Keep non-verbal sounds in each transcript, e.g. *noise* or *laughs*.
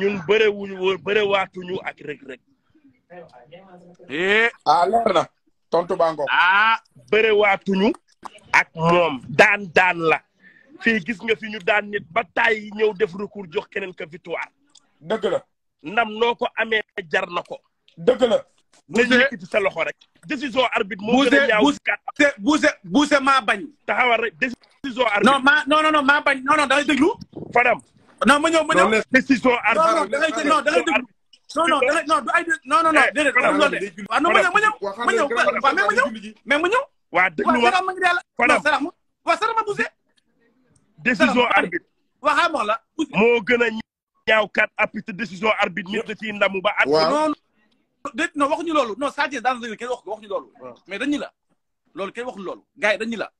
ñun bëre wuñu wóor bëre waatuñu ak Reug Reug eh bango ah, ah. bëre ak moom daan daan la fii gis nga fi ñu daan nit ba tàyyi ñëw def recours jox keneen ka victoire dëgg la ndam noo ko amee jar na ko dëgg la nañu yëkkati sa loxo rek décision arbitre moo gën a ñaaw buuse buuse maa bañ taxawal rek décision arbitre non ma non non maa bañ non non da ngay déglu non ma ñëw ma ñëw décision arbitre non non non eh, da ngay déglu non non da ngay non du ay non non non déedéet wa ma ngi yàlla Fadam Salam waaw Salam ma bousee décision arbitre waxaa mox la moo gën a ñaaw kat apite décision arbitre nit da ciy ndamu ba at non déet non waxuñu loolu non Sadio daan la kenn wax waxuñu loolu mais dañu la loolu kenn loolu gars yi dañu la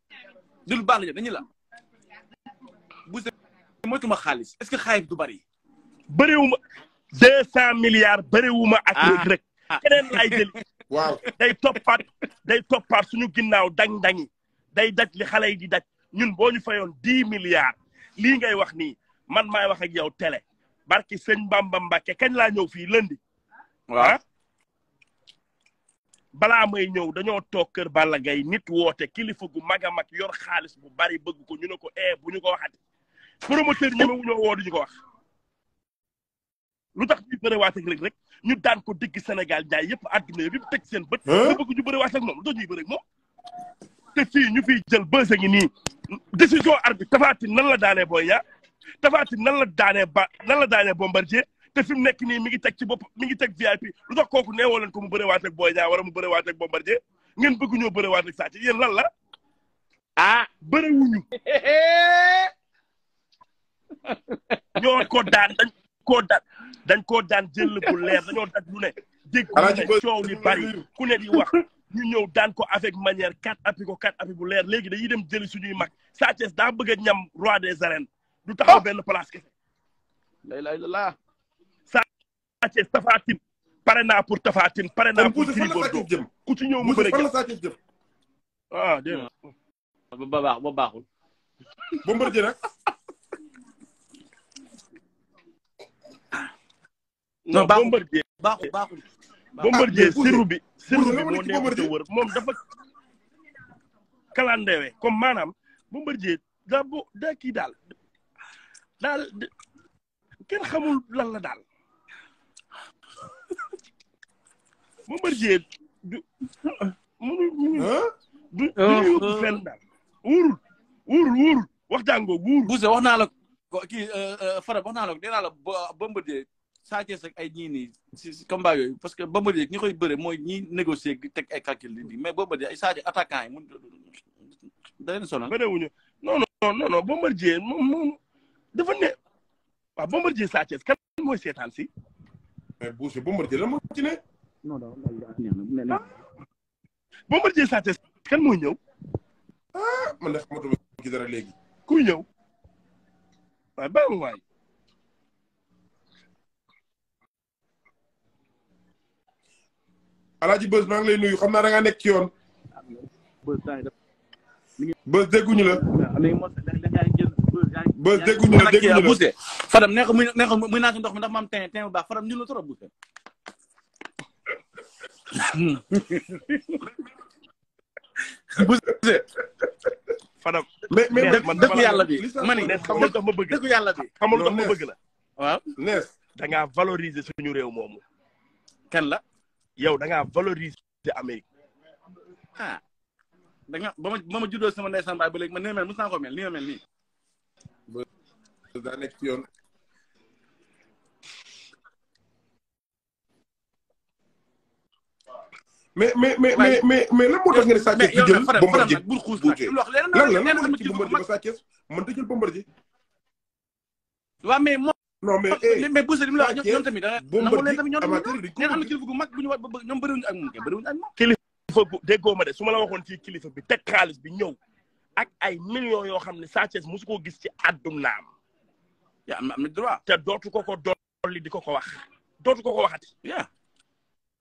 dul baax la la moytuma xaalis est-ce que xaay du bari. bëriwuma deux cent milliards bëriwuma ak ah, léegi rek ah. keneen laay jël *laughs* waaw day toppaat day toppaat suñu ginnaaw dañ-dañi day daj li xale yi di daj ñun boo ñu fayoon dix milliards lii ngay wax nii man may wax ak yow télé barki sëñ Bamba Mbàkke kañ laa ñëw fii lëndi waaw ah? balaa may ñëw dañoo toog kër Balla Gaye nit woote kilifa gu mag a mag yor xaalis bu bari bëgg ko ñu ne ko eh bu ñu ko waxati promoteur ñeme wu ñoo woo du ñu ko wax. lu tax ñuy bëriwaat ak léegi ñu daan ko digg Sénégal jaay yëpp àdduna yëpp teg seen bët. nga bëgg ñu bëriwaat ak moom bëri ak moom. te fii ñu fiy jël bës a ngi nii décision arbitre Tapha nan la daanee Boy Niang Tapha nan la daanee ba nan la daanee Bombardier te fi mu nekk nii mi ngi teg ci bopp mi ngi teg VIP lu tax kooku neewoo leen ko mu bëriwaat ak Boy Niang wala mu bëriwaat ak Bombardier ngeen bëgg ñoo bëriwaat ak Sa Thiès yéen la ah *laughs* ñoo ko daan dañ koo daan dañ koo daan jël bu leer dañoo daan lu ne dégg ne coow li bari ku ne di wax ñu ñëw daan ko avec manière quatre appuis ko quatre appuis bu leer léegi dañuy dem jëli suñuy mag Sa Thiès daa bëgg ñam roi des arènes du taxaw oh! benn place kese lay lay la Sa Thiès Tapha Tine pare naa pour Tapha Tine pare naa pour Gris Bordeaux ku ci ñëw mu bëre jëm ah dégg ba baax ba baaxul Bombardier non Bombardier baaxul baaxul ah, Bombardier siru bi siru bi moo nekk te wër moom dafa kalandewe comme maanaam Bombardier daa bo daa kii daal daal kenn xamul lan la daal Bombardier du mënul mënul du duñu oh. yóbbu fenn daal wóorul wóorul wóorul wax jàngoo wóorul Bousse wax naa la kii euh, euh, Fara wax naa la nee naa la Bombardier Sa Thiès ay ñii nii si combat yooyu parce que Bombardier ñi koy bëre mooy ñi négocier teg ay calcul di mais Bombardier ay Sa Thiès attaquant yi mun da leen sonal bëriwuñu non non non non Bombardier moom moom dafa ne waaw Bombardier Sa Thiès kan mooy seetaan si mais Boucher Bombardier la moo ci ne non non ah! Bombardier Sa Thiès kan mooy ñëw ah man de xamatuma dara léegi kuy ñëw waaye baamu waay alaaji bës maa ngi lay nuyu xam naa da ngaa nekk ci yoon. bës dégguñu la. bës dégguñu la la buuse Fadam neex muy neex muy naan si ndox mi ndax ma am ten ten bu baax Fadam ñu la trop buuse. buuse. Fadam mais mais dëggu yàlla bi ma ni xamul tax ma bëgg dëggu yàlla bi xam tax ma bëgg la. waaw nees da ngaa suñu réew moomu. kan la. yaw da ngaa valoriser Amérique. ah da nga ba ma ba ma juddoo sama ndeysaan baay ba léegi man nii mel mos naa ko mel ma mel nekk ci yoon. mais mais mais mais mais lan moo tax nga ne Sa Thiès du jël Bombardier bu wutee la moo tax ci Bombardier ba Sa Thiès mënta jël Bombardier. non mais eh mais Boucher la wax tamit ah, da nangu leen tamit ñoom tamit am na kilifa gu mag ñu war ba ñoom bëriwuñu ak moom de su ma la waxoon ci kilifa bi teg xaalis bi ñëw ak ay millions yoo xam ne Sa Thiès mosu koo gis ci àddunaam yaa am na droit te dootu ko ko dolli di ko ko wax dootu ko ko waxati yaa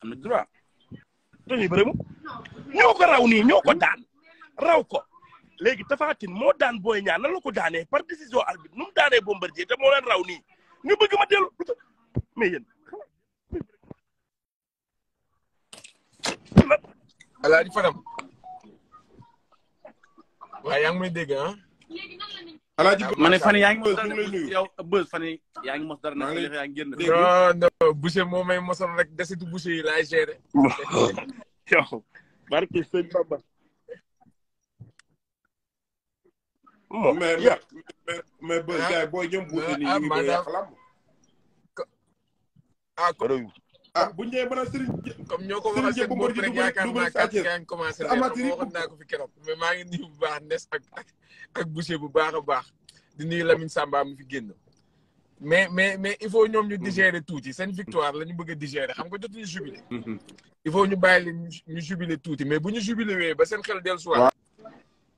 am na droit dañuy bëri mu ñoo ko raw nii ñoo ko daan raw ko léegi Tapha Tine moo daan Boy ñaan nan la ko daanee par décision arbitre nu mu daanee te moo leen raw nii ñu bëgg ma dellu mais yéen. Alaaji Fadam. waaw yaa ngi may dégg ah. Alaaji ma ne fan yaa ngi mos dara yow bës fan yaa ngi mos dara ne yaa ngi génn. non non boucher moo may mosoon rek desitu boucher yi laay gérer. *laughs* yow barke sëñ moom mais mais ba booy gars booy ñoom buuti nii ah, ñu ngi koy yàq lamb. ah, ah comme ah bu ñu ñëwee ñoo ko waxal seen bopp rek yaakaar naa kàddu gaa naa ko fi keroog mais maa ngi nuyu bu baax Nes ak ak ak Boucher bu baax a baax di nuyu Lamine Samba mi fi génn. mais mais mais il faut ñoom ñu mm-hmm. digérer tuuti seen victoire la ñu bëgg a digérer xam nga jotuñu jubilé. Mm-hmm. il faut ñu bàyyi ñu jubilé tuuti mais bu ñu jubilé wee ba seen xel dellusiwaat.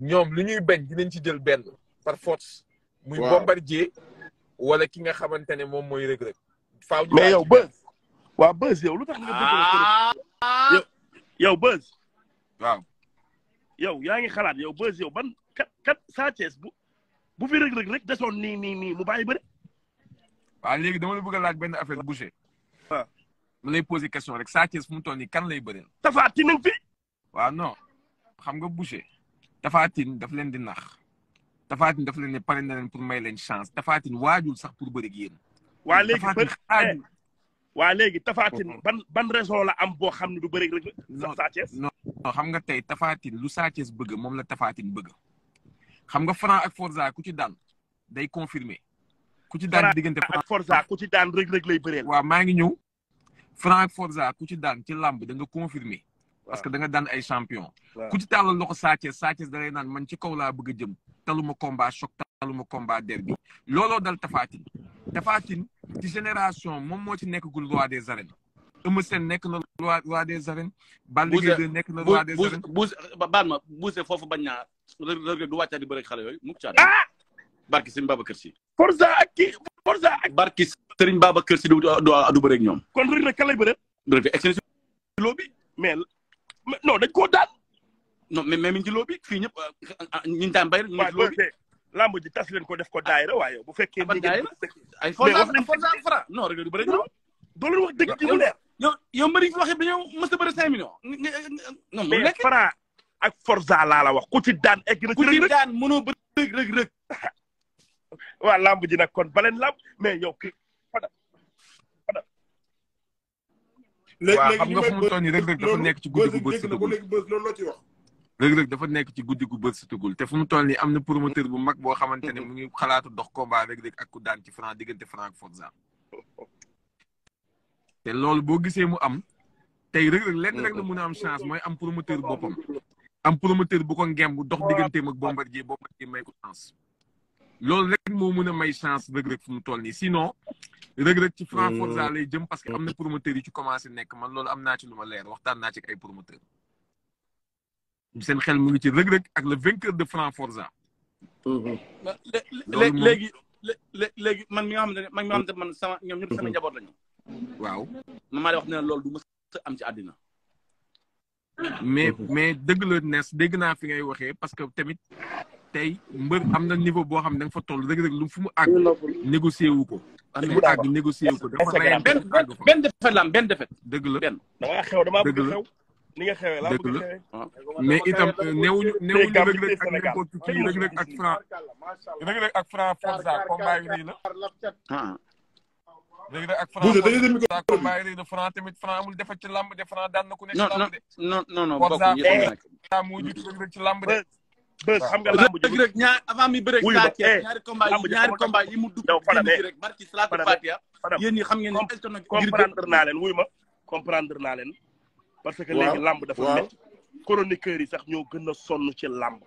ñoom lu ñuy bañ dinañ ci jël benn par force. muy bombardier wala ki nga xamante ne moom mooy rëg-rëg. faaw ñu mais yow Beuz. waaw Beuz yow lu tax nga ah! yow yow Beuz. waaw. yow yaa ngi xalaat yow Beuz yow ban kat kat Sa bu bu fi rëg-rëg rek desoon nii nii nii mu bàyyi bëri. waaw léegi dama la bëgg a laaj benn affaire Boucher. waaw ma lay question rek Sa Thiès fu mu kan lay bëreel. Tapha Tine fi. waaw non xam nga Boucher. tafaatin daf leen di nax tafaatin daf leen ne pare na leen pour may len chance tafaatin wajul sax pour bëri yéen. wa léegi tafaatin waa léegi tafaatin eh, ban ban raison la am bo xamni du bëri rek. Sa Thiès non non xam nga tay tafaatin lu Sa ties beug mom la tafaatin beug xam nga Franc ak Forza ku ci daan day confirmer ku ci daan diggante ak Forza ku ci daan rek rek lay beurel wa ma ngi ñëw Franc ak Forza ku ci daan ci lamb da nga confirmer parce que ah. da nga daan ay champion. Ah. ku ci tàllal loxo Sa Thiès Sa Thiès da ngay naan man ci kaw laa bëgg jëm. taluma combat choc taluma combat derby. lolo dal tafatin Tine. Tapha Tine ci génération moom moo ci nekkagul roi des arènes. Eumeu Sène nekk na roi des arènes. Balla Gaye 2 na roi des arènes. Bouze baal ma Bouze foofu bañ naa Reug du wàccaat bëre xale yooyu mukk caat. ah. barki Serigne Babacar Sy. Forza ak kii Forza ak. barki Serigne Babacar Sy du du bëre ak kon bëre. extension. mais non dañ koo daan. non mais mais mi ngi ci loobi fii ñëpp ah, ah, ñu ngi daan bay rek ñu ngi ci loobi. lamb ji tas ko def ko daayira waaye bu fekkee. ban daayira ay Forza Forza Fra non rek du bëri ñu. doo leen wax dëgg ji mu leer. fi waxee dañoo mës a bëri cinq millions. Fra ak Forza laa la wax ku ci daan egg na. ku ci daan mënoo bëri rëg rëg rëg. *laughs* waa lamb ji nag kon baleen lamb mais yow ki léegi léegi xam nga fu mu toll nii rek rek dafa nekk ci guddi gu bës sutugul rëg-rëg dafa nekk ci guddi gu bës sutugul te fu mu toll nii am na promoteur bu mag boo xamante ne mu ngi xalaatu dox ko combat rëg-rëg ak ku daan ci franc diggante franc Forza te loolu boo gisee mu am tey rëg-rëg lenn rek la mun a am chance mooy am promoteur boppam am promoteur bu ko ngemb bu dox digganteem ak bombardier bombardier may ko chance loolu rek moo mun a may chance rëg-rëg fu mu toll nii rëg-rëg ci franc forza lay jëm parce que amna promoteur yi ci commencé nek man lolu amna ci luma leer waxtan na ci ay promoteur seen xel mu ngi ci rëg-rëg ak le vainqueur de franc forza léegi léegi man mi nga xamante ne man mi nga xamante man sama ñom ñëpp sama jabor lañu waaw ma ma lay wax ne lolu du mës am ci adina mais mais deug le ness deug na fi ngay waxe parce que tamit tey mbër am na niveau boo xam ne da nga fa toll rek lu fu mu àgg. négocier wu ko. fu mu àgg négocier wu ko dafa reyal benn benn defet la am benn da ngaa xew nga xewee laa bëgg xewee ah. mais itam newuñu newuñu rek rek ak n'importe qui rek ak franc rek rek ak franc forza combat yi nii la. léegi nag ak Franc de Franc tamit Franc amul defar ci lamb de Franc daan na ku nekk ci lamb de. non non non bokkuñu eh. ci lamb de. bës xam nga làmb ji rek ñaar avant mi bëre ak eh, ñaari combat yi ñaari combat yi mu dugg ci eh, eh, xam ngeen ne Elton ak comprendre naa leen wuy ma comprendre na leen parce que léegi làmb dafa métti chroniqueurs yi sax ñoo gën a sonn ci làmb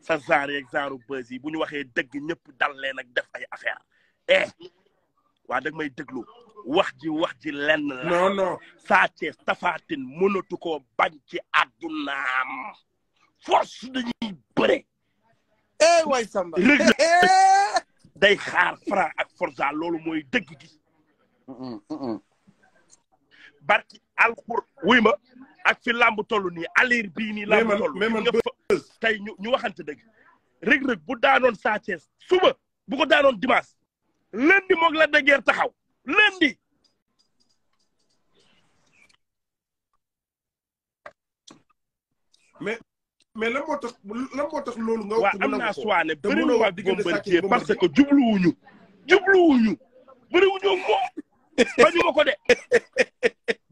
sa genre yeeg genre bës yi bu ñu waxee dëgg ñëpp dal leen ak def ay affaire eh waa dag may déglu wax ji wax ji lenn la non non Sa Thiès Tapha Tine mënatu koo bañ ci àddunaam force dañuy bëre. eh waay rëg eh, eh. day xaar Franc ak Forza loolu mooy dëgg gi. barki alxur wuy ma ak fi làmb toll ni alir bii nii làmb toll nga tey ñu ñu waxante dëgg Reug Reug bu daanoon Sa suba bu ko daanoon dimanche lundi moog la dëggeer taxaw lundi mais mais lan motax lan motax lolou nga wax amna soale beuri wa digam ba ci parce que djublu wuñu djublu wuñu beuri wuñu mom bañu mako de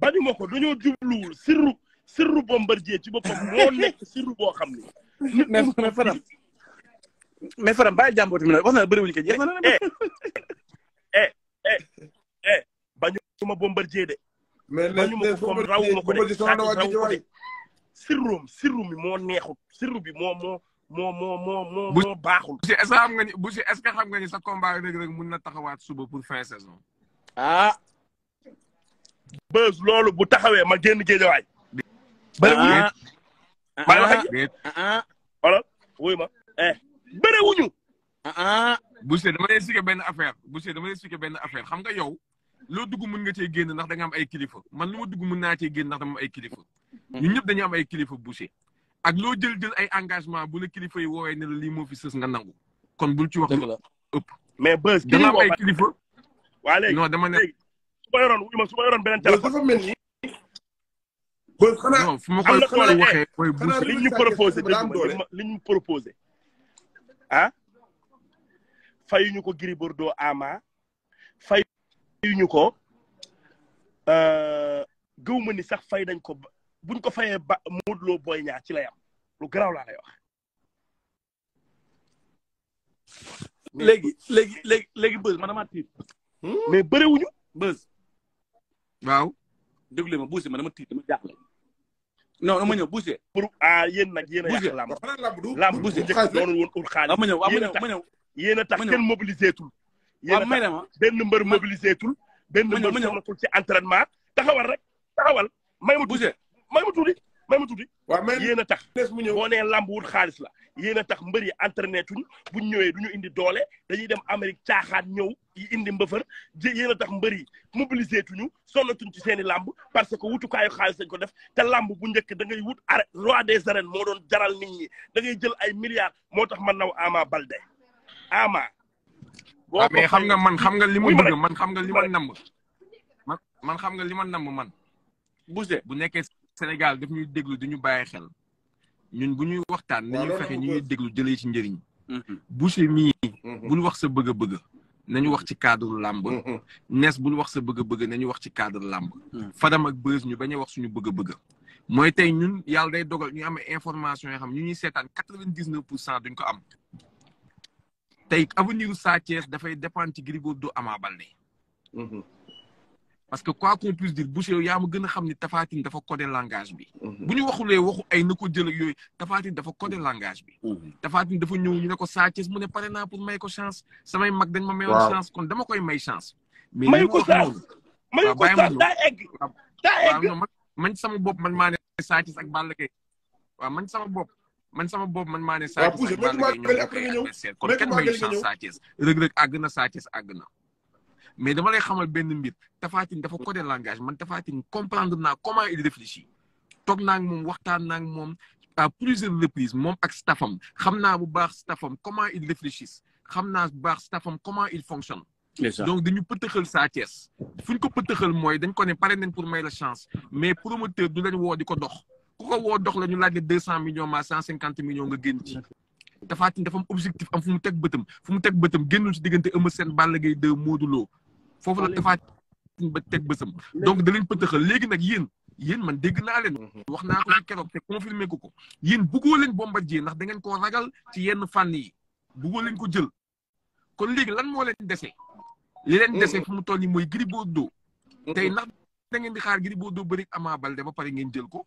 bañu mako duñu djublu wul sirru sirru bombardier ci bopam mo nek sirru bo xamni mais faram mais faram bay jambot mi wax na beuri wuñu ke eh, eh eh eh, eh bañu ma bombardier de bañu mako raw mako de sirroom sirru mi moo neexut sirru bi moo moo moo moo moo baaxul. bu si est-ce xam nga ni bu si est xam nga ni sa combat Reug Reug mun na taxawaat suba pour fin saison. ah. bës loolu bu taxawee ma génn géejawaay. ah ah, ah. ah, ah. ma eh bëre wuñu. ah ah. benn affaire Boucher dama lay expliquer benn affaire xam nga yow. loo dugg mën nga cee génn ndax da am ay kilifa man lu ma dugg mën naa cee génn ndax am ay kilifa ñun ñëpp dañu am ay kilifa Boucher ak loo jël jël ay engagement bu la kilifa yi woowee ne la lii moo fi sës nga nangu kon bul ci wax lu ëpp mais bës dama am ay kilifa waa léegi non dama ne su ma yoroon wuyu ma su ma yoroon beneen téléphone dafa mel ni bës xanaa non fu ma koy fu ma waxee mooy Boucher ñu proposé liñ ah? ko Gris Bordeaux fay ñu ko euh, gëw ma ni sax fay nañ ko buñ ko fayee ba Modou Boy Niang ci lay am lu garaaw laa lay wax. léegi léegi léegi léegi bës ma dama tiit. Hmm? mais bëriwuñu bës. waaw. déglu ma buuse ma dama tiit dama jaaxle. non dama ñëw buuse. pour ah yéen nag yéen a yàq lamb. buuse lamb buuse njëkk noonu woon ur xaalis. Ah, ma ñëw ah, ma ñëw yéen a tax kenn mobilisé tul yéen a benn mbër mobilisé tul. benn mbër soxlatul ci entraînement. taxawal rek taxawal. may ma tuuti may ma tuuti may ma tuuti. yéen a tax. boo nee làmb wut xaalis la. yéen a tax mbër yi entraîné tuñ bu ñëwee du ñu indi doole dañuy dem Amérique caaxaan ñëw yi indi mbëfër ji yéen a tax mbër yi mobilisé tuñu sonnatuñ ci seen i làmb parce que wutukaayu xaalis lañ ko def te làmb bu njëkk da ngay wut ar roi des arènes moo doon jaral nit ñi da jël ay milliards moo tax man naw Ama Balde Ama waaw ah, mais xam nga man xam nga li ma bëgg man xam nga li ma namb man man xam nga li ma namb man Boucher bu nekkee Sénégal daf ñuy déglu duñu bàyyi xel ñun bu ñuy waxtaan nañu fexe ñu ñuy déglu jëlee ci njëriñ mm-hmm. Boucher mii bul wax sa bëgg-bëgg ñu wax ci cadre làmb nees bul wax sa bëgg-bëgg nañu wax ci cadre làmb mm-hmm. mm-hmm. Fadam ak Beuz ñu bañ wax suñu bëgg-bëgg mooy tey ñun yal day dogal ñu am information yoo xam ñu ñuy seetaan quatre-vingt-dix-neuf pour cent duñ ko am tay avenir Sa da fay dépendre ci Gris Bordeaux Ama Baldé mhm. parce que quoi qu'on puisse dire Boucher yow gëna xamni tafatine a xam dafa codé langage bi. buñu ñu waxu ay na jël ak yoy tafatine Tine dafa codé langage bi. Mhm. tafatine mhm. Tine dafa ñëw ñu ne ko Sa Thiès mu né pare naa pour may ko chance samay mag dañ ma mayoon chance kon dama koy may chance. mais li ko wax may ko sax daa egg daa egg man sama bop man ma né Sa Thiès ak Balla wa man sama bop man sama bob man mané ne. waaw pousse man maa gën après nga kon kenn mayu Sa Thiès rëg-rëg àgg Sa Thiès àgg mais dama lay xamal benn mbir Tapha dafa codé langage man Tapha comprendre na comment il réfléchit toog naa ak moom waxtaan naa ak moom à plusieurs reprises mom ak staffam xamna bu baax staffam comment il réfléchissent xamna bu baax staffam comment il fonctionne donc dañu pëtëxal Sa Thiès fu ko pëtëxal moy dañ ko né pare nañ pour may la chance mais promoteur du lañ wo diko dox ku ko wo dox la ñu laaj ne deux millions ma 150 millions nga genn ci Tapha Tine dafa am objectif am fu mu tek beutum fu mu tek beutum génnul ci digënté Eumeu sen Balla gay de modulo fofu foofu la Tapha Tine ba tek beusam donc da leen pëtëxal légui nak yeen yeen man dégg na leen mhm. wax na ko kérok té te confirmé ko ko yéen bëggoo leen bombardé nak da ngeen ko ragal ci yenn fan yi bëggoo leen ko jël kon légui lan mo leen déssé li leen déssé mhm. fu mu tolli moy gribodo mhm. tay nak da ngeen di xaar gribodo bari bëri Ama Baldé ba paré ngeen jël ko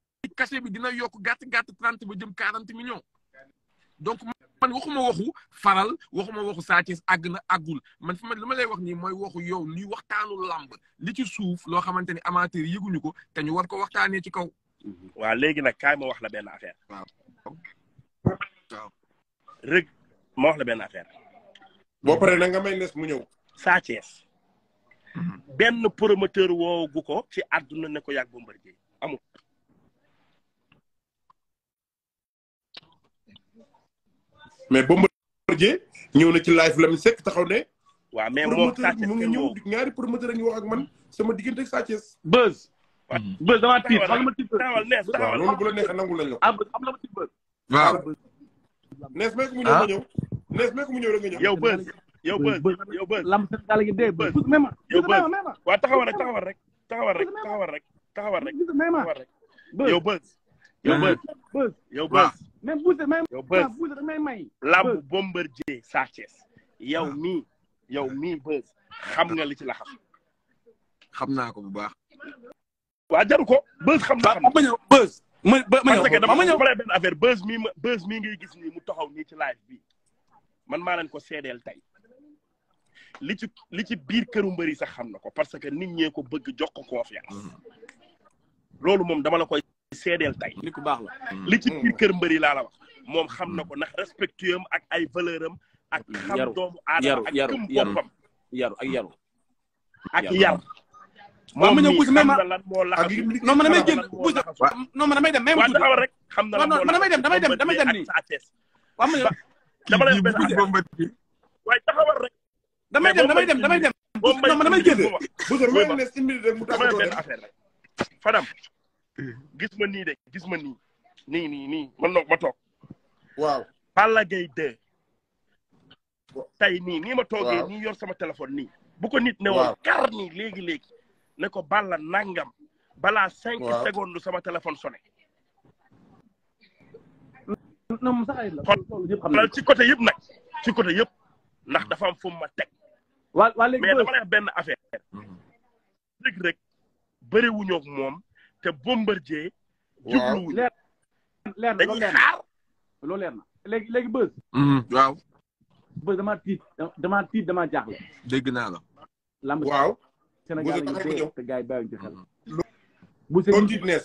cachet bi dina yokk gàtt gàtt trente ba jëm quarante millions donc man waxuma waxu faral waxuma waxu Sa Thiès àgg na àggul man fi ma li ma lay wax nii mooy waxu yow luy waxtaanu làmb li ci suuf loo xamante ni amateur yëguñu ko te ñu war ko waxtaanee ci kaw. waa léegi nag kaay ma wax la benn affaire. waaw waaw. ma wax la benn affaire. boo paree na nga may nes mu ñëw. Sa mhm. benn promoteur woowu gu ko ci àdduna ne ko yàgg Bombardier mais Bombardier ñëw na ci live Lamine Seck taxaw ne. waaw mais moom Sa Thiès mu ngi ñëw ñaari promoteur ñu wax ak man sama diggante ak Sa Thiès. Beuz. Mm-hmm. Beuz damaa tiit xam ma tiit Beuz. waaw loolu bu la neexee nangul lañ ah, am na ma tiit Beuz. waaw. nees meeku mu ñëw rek nga ñëw. yow Beuz. yow Beuz yow Beuz. lam seen gaal gi dee Beuz. même yow taxawal rek taxawal rek taxawal rek taxawal rek taxawal rek. yow Beuz yow Beuz làmb Bombardier Sa yow ah. mii yow mii buzz xam nga li ci la xam. xam buzz, ko bu baax. waa jaru ko bës xam naa. ma buzz bës. ma ma ma ma ñëw affaire buzz ngay gis mu taxaw ci live bi man maa leen ko seedeel tey li ci li ci biir këru mbëri sax xam na parce que nit ko bëgg jox ko confiance. Mm-hmm. loolu mom, dama la koy sédel tay ni ku baax la li ci mm-hmm. biir keur mbeuri la la wax. moom xam na ko ndax respecté ak ay valeur am ak xam doomu aadama ak gëm boppam ak yar moom mi xam na lan moo laxas non man damay génn buus non man damay dem même tuuti xam na lan moo laxas damay dem damay dem damay dem nii ma dama lay waaye taxawal rek damay dem damay dem damay dem non man damay génn buus Fadam gis ma nii de gis ma nii ni nii nii man ma toog waaw Balla Gaye 2. tey nii nii ma toogee nii yor sama téléphone nii. bu ko nit ne woon kar nii léegi léegi. ne ko bala nangam. balaa cinq secondes sama téléphone sonné. kon ci côté yëpp nag ci côté yëpp ndax dafa am fu ma teg. waa waa mais dama lay wax benn affaire. Mhm. rek rek bëriwuñoo ak moom te Bombardier. waaw jubluwuñu dañuy xaar. loolu leer na léegi léegi bës. waaw. bës dama tiit dama tiit dama jaaxle. dégg naa la. lamb waaw. Sénégal yi dee te gars yi bàyyiwuñ ci xel. bu Serigne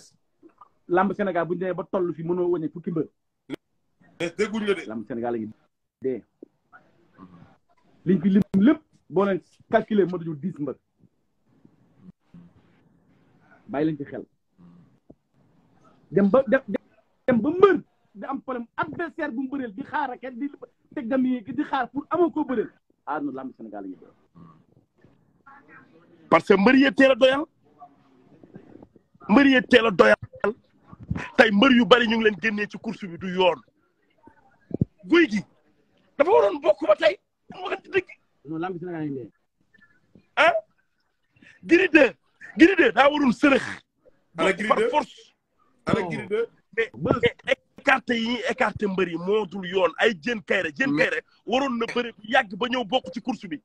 lamb Sénégal bu ñu demee ba toll fi mënoo wane fukki mbër. dégguñ la de. lamb Sénégal la ñu dee. liñ fi lim lépp boo leen calculé mënatuñu dix mbër. bàyyi leen ci xel. dem ba dem ba mbër. di am problème adversaire bu mu bëreel di xaar ak di teg dam yi di xaar pour amoo koo bëreel aar lamb Sénégal la parce que mbër yee teel doyal mbër yee teel doyal tey mbër yu bari ñu ngi leen génnee ci course bi du yoon guy gi dafa waroon bokk ba tey mu waxante dëgg non lamb Sénégal la ah Gris 2 Gris 2 daa waroon sërëx par force ana Gris écarté yi ñuy écarté mbër yi moo dul yoon ay jën kayre jën kayre waroon na bëri bu yàgg ba ñëw bokk ci course bi.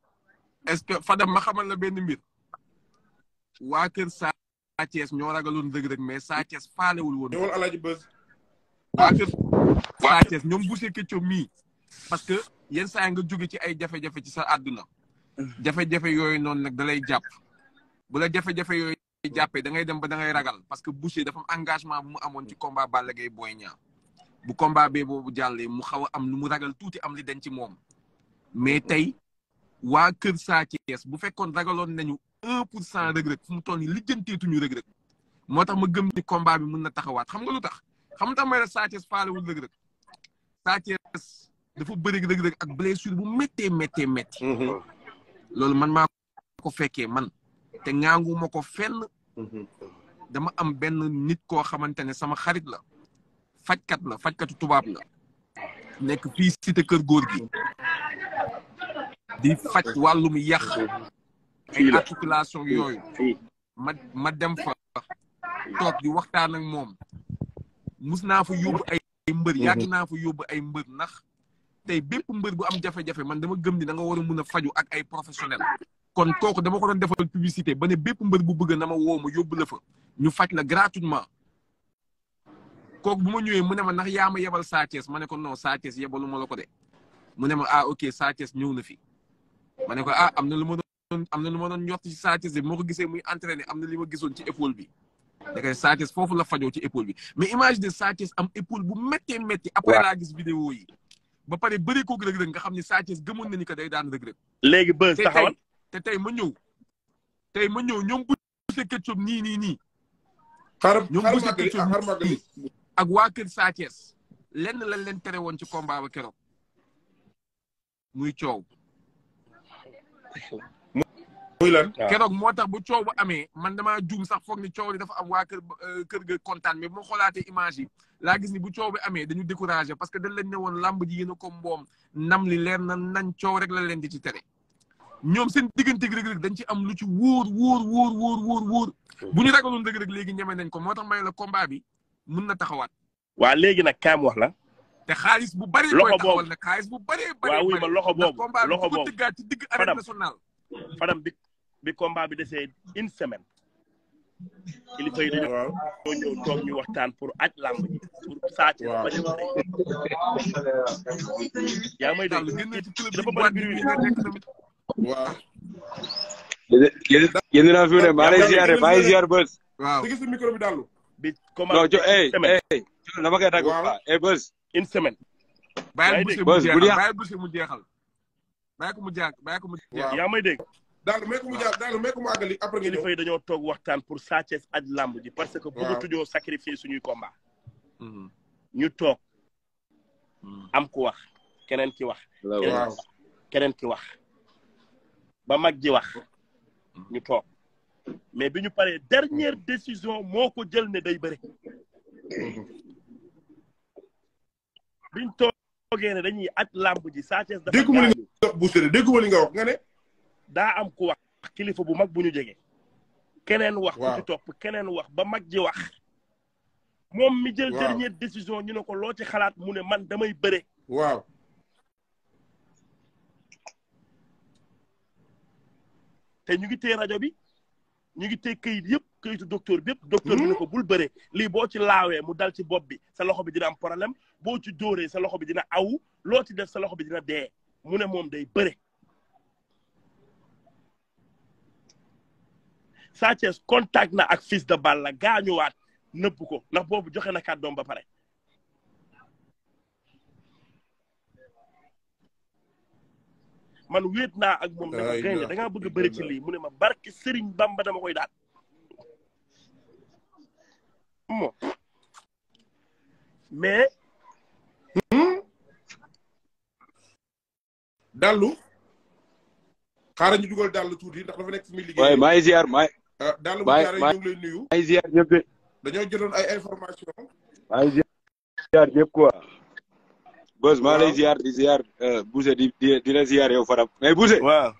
est-ce que fada ma xamal la benn mbir. waa kër Sa Thiès ñoo ragaloon dëgg rek mais Sa Thiès faalewul woon. ñëwal Alaaji Bës. waa ñoom bu see këccoo mii. parce que yenn saa nga jóge ci ay jafe-jafe ci sa àdduna. jafe-jafe yooyu noonu nag da lay jàpp. bu la jafe-jafe yooyu jàppee da ngay dem ba da ragal parce que Boucher dafa am engagement bu mu amoon ci combat Balla Gaye Boy bu combat bee boobu jàllee mu xaw a am nu mu ragal tuuti am li denc ci moom mais tey waa Kër Sa Thiès bu fekkoon ragaloon nañu un pour cent Reug Reug fu mu toll nii lijjanteetuñu Reug Reug moo tax ma gëm ni combat bi mën na taxawaat xam nga lu tax xam nga tax may la Sa Thiès faalewul Reug Reug Sa dafa bëri Reug Reug ak blessure bu méttee méttee métti mhm. loolu man maa ko fekkee man te ngaangu ma ko fenn mhm. dama am benn nit koo xamante ne sama xarit la fajkat la fajkatu tubaab la nekk fii cité kër góor gi di faj wàllum yàq ay articulation yooyu ma ma dem fa toog di waxtaan ak moom mus naa fa yóbbu ay mbër mhm. yàgg naa fa yóbbu ay mbër ndax tey bépp mbër bu am jafe-jafe man dama gëm di da nga war a mun a faju ak ay professionnel kon kooku dama ko doon defal publicité ba ne bépp mbër bu bëgg na ma woo ma yóbbu la fa ñu faj la gratuitement kooku bu ma ñëwee mu ne ma ndax yaa ma yebal Sa ma ne ko non Sa Thiès yebalu ma la ko de mu ne ma ah ok Sa Thiès ñëw na fi ma ne ko ah am na lu ma doon am na lu ma doon ñort ci Sa Thiès bi moo ko gisee muy entraîné am na li ma gisoon ci épaule bi da koy Sa Thiès foofu la fajoo ci épaule bi mais image de Sa Thiès am épaule bu méttee métti après laa gis vidéo yi ba pare bëri koog rëg-rëg nga xam ni Sa Thiès gëmoon nañu ko day daan rëg-rëg léegi bës taxawal te tey ma ñëw tey ma ñëw ñoom bu se nii nii nii xar xar ak waa kër Sa lenn lañ leen tere woon ci combat keroog muy coow. muy lan ah. moo tax bu coow ba amee man damaa juum sax foog ni coow li dafa am waa kër euh, kër ga kontaan mais bu ma xoolaatee image yi laa gis ni bu coow bi amee dañu découragé parce que dañ leen ne woon làmb ji yéen a ko nam li leer na nañ coow rek la leen di ci tere. ñoom seen diggante Reug Reug dañ ci am lu ci wóor wóor wóor wóor wóor wóor mm. bu ñu ragaloon Reug Reug léegi ñeme nañ ko moo tax may la combat bi mun na taxawaat. waa léegi nag kaam wax la. te xaalis bu bari loxo boobu nag xaalis bu bari loxo boobu loxo boobu ci digg arène nationale. Fadam bi bi combat bi desee une semaine. kilifa yi dañoo ñëw toog ñu waxtaan pour aj làmb ji pour saa ci ba dem yaa may dégg dafa bëri mbir wi waaw. yéen yéen a ngi fi ne maa ngi ziare maa ngi ziare bës. waaw. micro bi bi comment dama koy dagg eh bës une semaine. bàyyi ko mu jeexal bàyyi ko mu jeexal bàyyi ko mu jeexal. yaa may dégg. daal meeku mu jaar daal meeku mu àggali après nga dañoo toog waxtaan pour Sa Thiès aj ji parce que bëgg tuñoo suñuy combat mm-hmm. toog mm-hmm. am ku wax ki wax keneen ki wax ba mag ji wax mm-hmm. ñu mais bi ñu paree dernière décision moo ko jël ne day bëri biñ toogee ne dañuy aj làmb ji Sa Thiès dafa dégguma li nga wax nga ne daa am ku wax kilifa bu mag bu ñu jege keneen wax ku ci topp keneen wax ba mag ji wax moom mi jël dernière décision ñu ne ko loo ci xalaat mu ne man damay bëre waaw te ñu ngi téye rajo bi ñu ngi te këyit yëpp kayitu docteur bi yëpp docteur bi ne ko bul bëre li boo ci laawee mu dal ci bopp bi sa loxo bi dina am problème boo ci dóoree sa bi dina aw loo ci def sa loxo bi dina dee mu ne moom day bëre Sa Thiès contact na ak fils de Balla gaañuwaat nëbb ko ndax boobu joxe na kàddoom ba pare man wéet naa ak moom ne ma gaynde da ngaa bëgg a bëri ma barke Serigne Bamba dama koy daal mo mais hmm? dallu xaaral ñu dugal dallu tuuti ndax dafa nekk fi muy liggéey waaye maa ngi ziar maa ah, dallu bu ziar ñu ngi lay nuyu ay information maa ngi ziar ñëpp quoi bës maa lay ziar euh, di di di la ziar yow Fadam mais Bousse. waaw.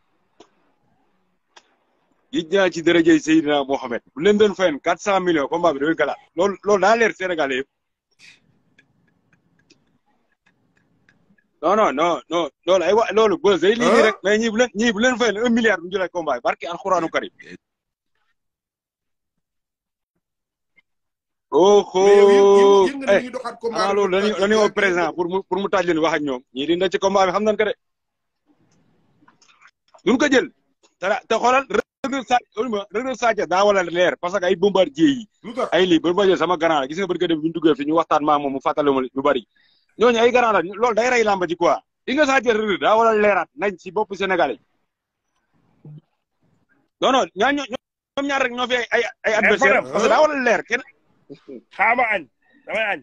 yéen ñaa ci dërëjëy Seydina Mohamed. bu leen doon fayoon quatre cent millions combat bi da koy galaat loolu loolu daa leer Sénégalais yëpp. non non non non loolu ay wa loolu bës day. liggéey ah. rek mais ñii bu leen ñii bu leen fayoon un milliard bu ñu karim oho mais loolu dañu dañoo président pour mu pour mu taaj leen wax ak ñoom ñii di na ci combat bi xam nañ ko de. duñ ko jël te te xoolal sa rëdd wala leer parce que ay bombardier yi. ay lii ba ma sama garant la gis nga bëgg dem bi ñu duggee fi ñu waxtaan maa moom mu fàttali ma lu bari. ñooñu ay garant la loolu day rey làmba ji quoi li nga Sadio rëdd daa wala leeraat nañ si bopp Sénégal yi. non non ñooñu ñoom ñaar rek ñoo fi ay ay adversaire parce que daa wala leer kenn. xaama añ damay añ.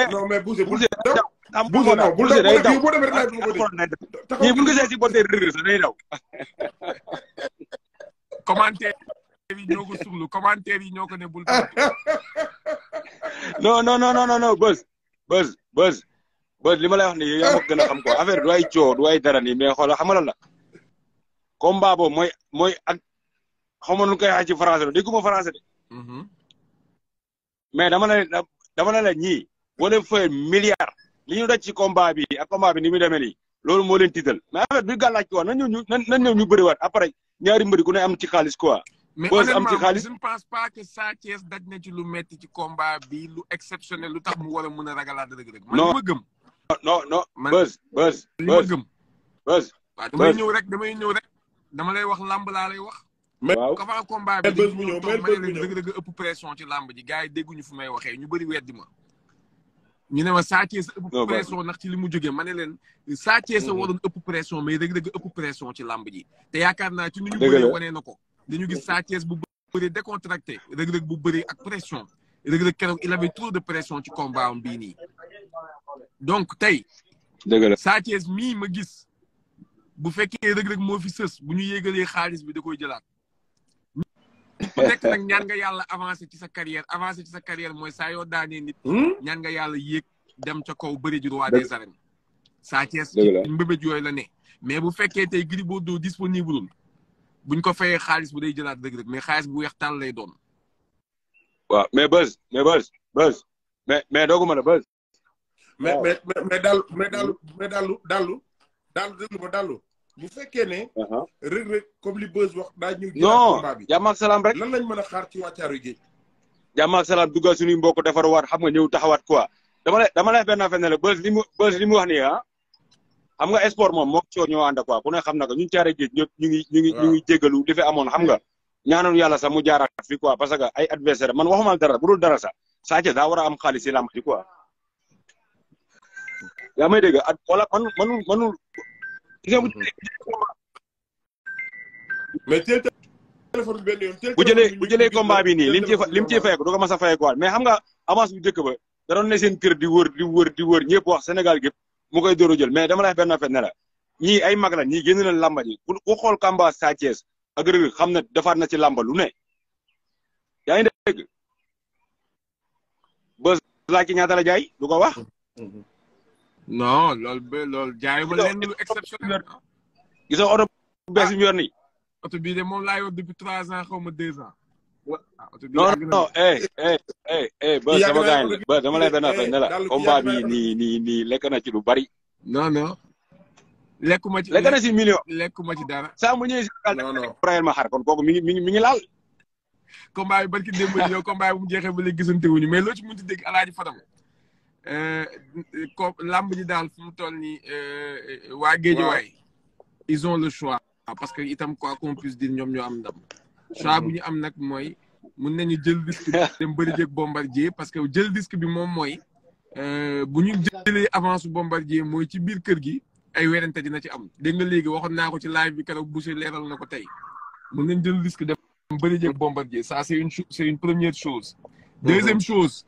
Eh, non mais bouse bouse. am bouse non bu dee si botte rëdd sax day daw. commentaire yi ñoo ko suxlu commentaire yi ñoo ko ne bul. non non non non non bës bës bës bës li ma lay wax nii a dara nii mais xoolal xam nga lan la xaw ma nu koy waxee ci français de dégguma français de. Mm-hmm. mais dama ne dama ne la ñii boo leen fayee li ñu daj ci combat bi ak combat bi ni muy demee nii loolu moo leen tiital mais en fait bi gàllaaj quoi nan ñëw ñu ñu bëriwaat après ñaari mbëri ku ne am ci xaalis quoi. boo am ci xaalis je ne pense pas que na ci lu metti ci komba bi lu exceptionnel lu tax mu war a mën a ragalaat Reug Reug. man li ma gëm ma gëm bës. waaw damay ñëw rek damay ñëw rek dama lay wax làmb laa lay wax. waaw mais avant combat ëpp pression ci làmb ji gars yi dégguñu fu may waxee ñu bëri weddi ma. ñu ne ma Sa Thiès ëpp pression ndax ci li mu jógee ma ne leen Sa Thiès sa mm-hmm. waroon ëpp pression mais dëgg dëgg ëpp pression ci làmb ji. te yaakaar naa ci ni ñu bëree wanee na ko. dañu gis mm-hmm. Sa Thiès bu bëri décontracté Reug Reug bu bëri ak pression Reug Reug keroog il avait trop de pression ci combat am bii nii. donc tey. dëgg la mii ma gis bu fekkee Reug Reug moo fi sës bu ñu yégalee xaalis bi da koy jëlaat. ku nekk nag ñaan nga yàlla avancé ci sa carrière avancé ci sa carrière mooy saa yoo daanee nit hmm? ñaan nga yàlla yéeg dem ca kaw bëri ji roi des arènes Sa Thiès yooyu la ne mais bu fekkee tey Gris Bordeaux disponible buñ ko fayee xaalis bu day jëlaat dëgg mais xaalis bu weex tàll lay doon waaw mais bës mais bës bës mais mais doogu ma la bës mais mais mais daal mais bu fekkee ne. Uh-huh. Reug Reug comme li Beuz wax daa ñëw. jëlaat combat bi non jàmm ak salaam rek. lan lañ mën a xaar ci wàccaaru géej. jàmm ak salaam duggal suñuy mbokk defaruwaat xam nga ñëw taxawaat quoi dama lay dama lay benn affaire ne la Beuz li mu Beuz li mu wax nii ah. xam nga sport moom mook coow ñoo ànd quoi ku ne xam na ko ñun caare géej ñëpp ñu ngi ñu ngi ñu ngi jégalu li fi amoon xam nga. ñaanoon yàlla sax mu jaaraat fi quoi parce que ay adversaire man waxuma dara bu dul dara Sa Thiès daa war a am xaalis si lamb ji quoi. yaa may dégg at wala man manul manul Mm-hmm. mais teel téléphone benn yoon bu jëlee bu jëlee combat bi nii lim ci lim ciy fayeeku du ko mas a fayeekuwaat mais xam nga avance bu njëkk ba da doon seen kër di wër di wër di wër ñëpp wax senegal gépp mu koy dóor a jël mais dama lay benn affaire ne la ñii ay mag la ñii génn na lamba ji xool Kamba Sa Thiès ak Reug xam na defaat na ci lamba lu ne yaa ngi dégg ba laaj jaay du ko wax mm-hmm. não lol ba loolu jaay ma leen lu exceptionnel. gis nga oto bu bees bi mu yor nii. oto de moom laa yor depuis não ans xaw ma deux ans. ah oto bii non non eh eh eh ba sama gaañ la ba dama lay benn affaire ne la bi nii nii nii lekk na ci lu bari. non non. lekkuma ci lekk na ci million. lekkuma ci dara. saa mu ñëwee si. non non Ibrahima ma xar kon kooku mi ngi mi ngi mi ngi laal. combat bi barki démb yow combat bi mu jeexee ba léegi gisante wuñu mais loo ci mënut a dégg Fadam. ko euh, làmb ji daal fu euh, ils ont le choix. parce que itam quoi qu'on puisse dire ñom ñu am ndam. choix bu ñu am nak moy mun nañu jël disque *laughs* dem bëri bombardier parce que jël disque bi moy euh bu ñu jëlee avance bombardier moy ci biir kër gi. ay werante dina ci am dégg nga légui waxon naa ko ci live bi kéro bu ci na nako tay mun nañ jël disque dem bëri bombardier ça c'est une c'est une première chose. Mhm. deuxième chose.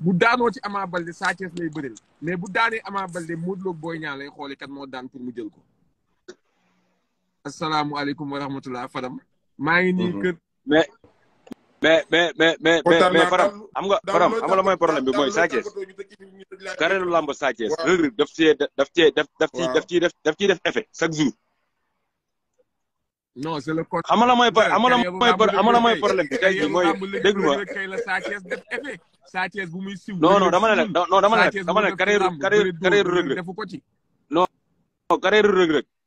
bu daanoo ci amaa Baldé Sa lay bëreel mais bu daanee Ama Baldé Modou Lo Boy Niang lay xooli kat moo daan pour mu jël ko. asalaamualeykum wa rahmatulah Fadam. maa ngi mhm. kër. mais mais me mais mais mais Fadam am nga Fadam am nga la mooy problème bi mooy Sa Thiès. lamb Sa daf cee daf cee daf daf daf ciy def daf ciy def effet chaque jour. non c'est le contraire amala mooy amala mooy problème bi tey jii mooy déglu ma kay la Sa Thiès def effet Sa Thiès bu muy dama ne non dama ko ci non non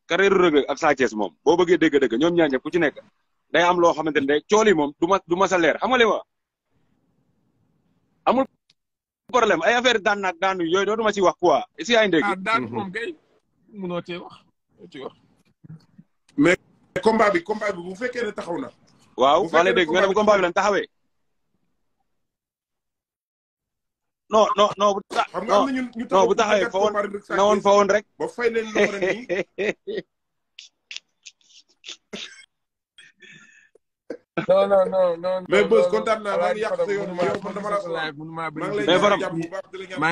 ak Sa Thiès moom boo bëggee dégg dëgg ñoom ñaar ñëpp nekk day am loo xamante ne cool yi moom du ma ma sa leer xam nga li ma amul ay affaire daan naag daanu yooyu dootuma ci wax quoi est-ce que yaa ngi dégg. Ah, combat bi combat bi bu fekkee ne taxaw na. waaw maa ngi lay dégg nga ne combat bi lan taxawee. non non non bu tax taxaw non fa woon na woon fa woon rek. ba fay leen naa maa ngi yàq sa yoon yow man dama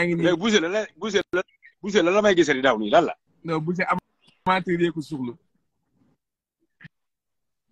ngi lay jàpp bu la la may gisee di daaw nii lan la. non Boucher amateur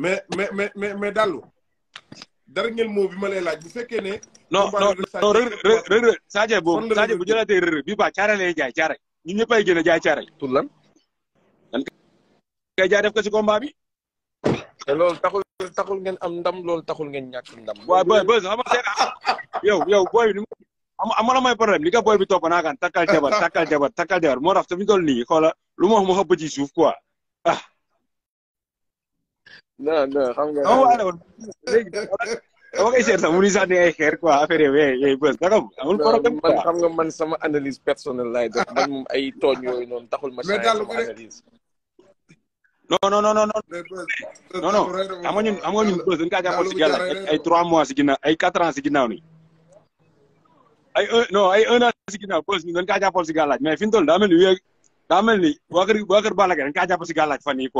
mais mais mais mais mais Dallou dara ngeen moo bi ma laaj bu fekkee ne. non non non rë rë rë Sadio boobu Sadio bu jëlaatee rë rë bii ba caare lay jaay caare ñëpp ay gën a jaay caare. pour lan. lan kay jaay def ko ci combat bi. te loolu taxul taxul ngeen am ndam lool taxul ngeen ñàkk ndam. waaw booy booy xam nga yow yow booy bi am na mooy problème li ka booy bi topp naa kan takkal jabar takkal jabar takkal jabar moo tax fi mu toll nii xoola lu ma wax mu xëpp ci suuf quoi ah. non non xam nga. léegi dama koy mu ngi sax di ay xeer quoi affaire yooyu yooyu bës dara amul problème man sama analyse personnelle laay def man moom ay tooñ yooyu noonu taxul ma. mais sama analyse. non non non non non non xam nga ñun xam nga ñun bës dañu kaa jàppoon si yàlla ay trois mois si ay quatre ans si ginnaaw nii. ay un non ay un an kaa jàppoon si gàllaaj mais fi mu toll daa mel ni daa eh, eh, mel ni waa kër waa kër Balla Gaye dañu kaa jàpp si gàllaaj fan yii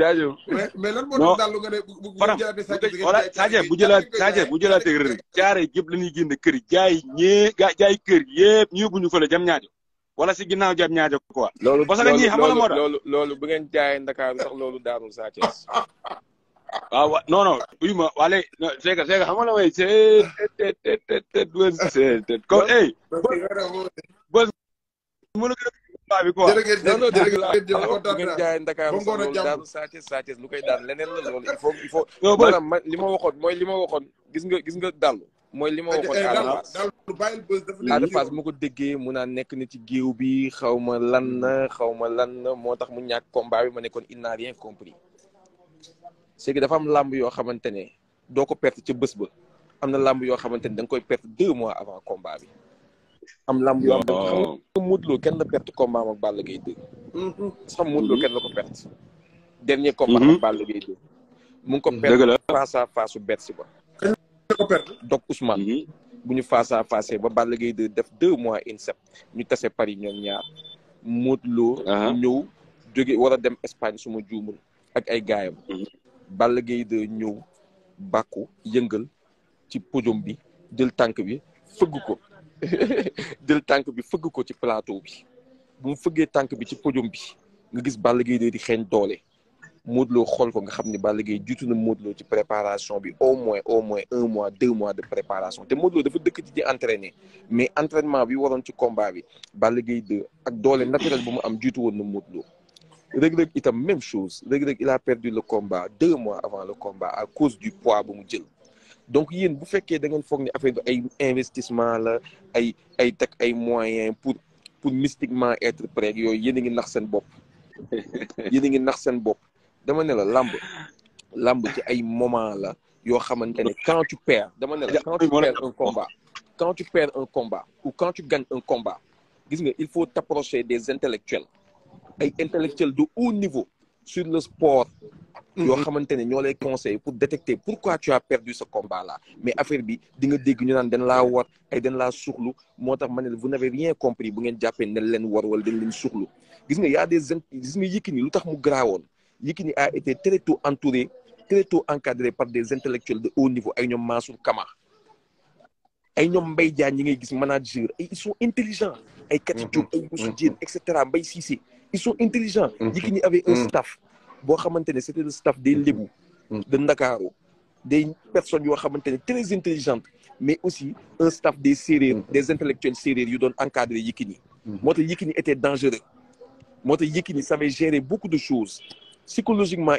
jaajëf mais mais lan moo tax daal lu saa wala saa bu jëlaat saa bu jëlaatee rek rek jaaree yëpp la ñuy génne kër jaay ñee jaay kër yëpp ñu yóbbu jam ñaajo wala si ginnaaw jam ñaajo quoi. loolu loolu loolu loolu bu ngeen jaayee Ndakaaru sax loolu daanul Sa Thiès. waaw wa non ma wale c'est que c'est que xam nga la way daanu Sathies Sathies lu koy daan leneen la loolu il faut il faut *laughs* maanaam li ma waxoon mooy li ma waxoon gis nga gis nga dàll mooy li ma waxoon eh, Ada Fass mu ko déggee mu naan nekk na ci géew bi xaw ma lan na hmm. xaw ma lan na moo tax mu ñàkk combat bi ma nekkoon il n'a rien compris c'est que dafa am làmb yoo xamante ne doo ko perte ca bés ba am na làmb yoo xamante ne da nga koy perte deux mois avant combat bi am lamb yoo xam ne xam nga mhm. Modou Lo kenn la perte combat ak Balla Gaye dégg sax ko perte dernier combat mhm. ak su bet si ba donc Ousmane mhm. bu ñu face à ba Balla Gaye de def deux mois INSEP ñu tase Paris ñoom ñaar Modou Lo ah. ñëw jóge war dem Espagne suma juumul ak ay gaayam Balla Gaye de ñëw bàkku yëngal ci podium bi jël tànk bi fëgg ko *laughs* jël tank bi feug ko ci plateau bi bu mu fëggee tànk bi ci podium bi nga gis Balla Gaye di xeeñ doolé modlo xol ko nga xam ni Balla Gaye na Modou ci préparation bi au moins au moins 1 mois 2 mois de préparation té modlo dafa dëkk ci di entraîner mais entraînement bi waron ci combat bi Balla Gaye 2 ak doolé naturel bu mu am jiitu woon na Modou Lo Reug itam même chose Reug Reug il a perdu le combat 2 mois avant le combat à cause du poids bu mu jël donc il bu a da ngeen foog ne affaire ay investissement la ay ay tek, ay moyens pour pour mystiquement être prêt yooyu yéen a ngi nax seen bopp *laughs* yéen a ngi nax seen bopp dama ne la làmb làmb ci ay moment la Yo, quand tu perds dama quand tu perds un combat quand tu perds un combat ou quand tu gagnes un combat nga il faut t'approcher des intellectuels ay intellectuels de haut niveau sur le sport yoo mm-hmm. xamante ne ñoo lay conseil pour détecter pourquoi tu as perdu ce combat là mais affaire bi di nga dégg ñu naan dañ laa war ay dañ laa suxlu moo tax ma ne vous n'avez rien compris bu ngeen jàppee ne leen war wala dañ leen suxlu gis nga y a des gis nga Yékini lu tax mu garaawoon Yékini a été très tôt entouré très tôt encadré par des intellectuels de haut niveau ay ñoom Mansour Kama ay ñoom Mbaye Diagne ñi ngay gis manager ay ils sont intelligents ay Kati mm-hmm. Diop ay de mm-hmm. Diène et cetera Mbaye Cissé ils sont intelligents Yékini avait un staff c'était le staff des mhm. Libou, mhm. de Ndakaro, des personnes très intelligentes mais aussi un staff des mhm. des intellectuels sérieux qui ont encadré Yikini. Moi, yikini était dangereux Moi, yikini savait gérer beaucoup de choses psychologiquement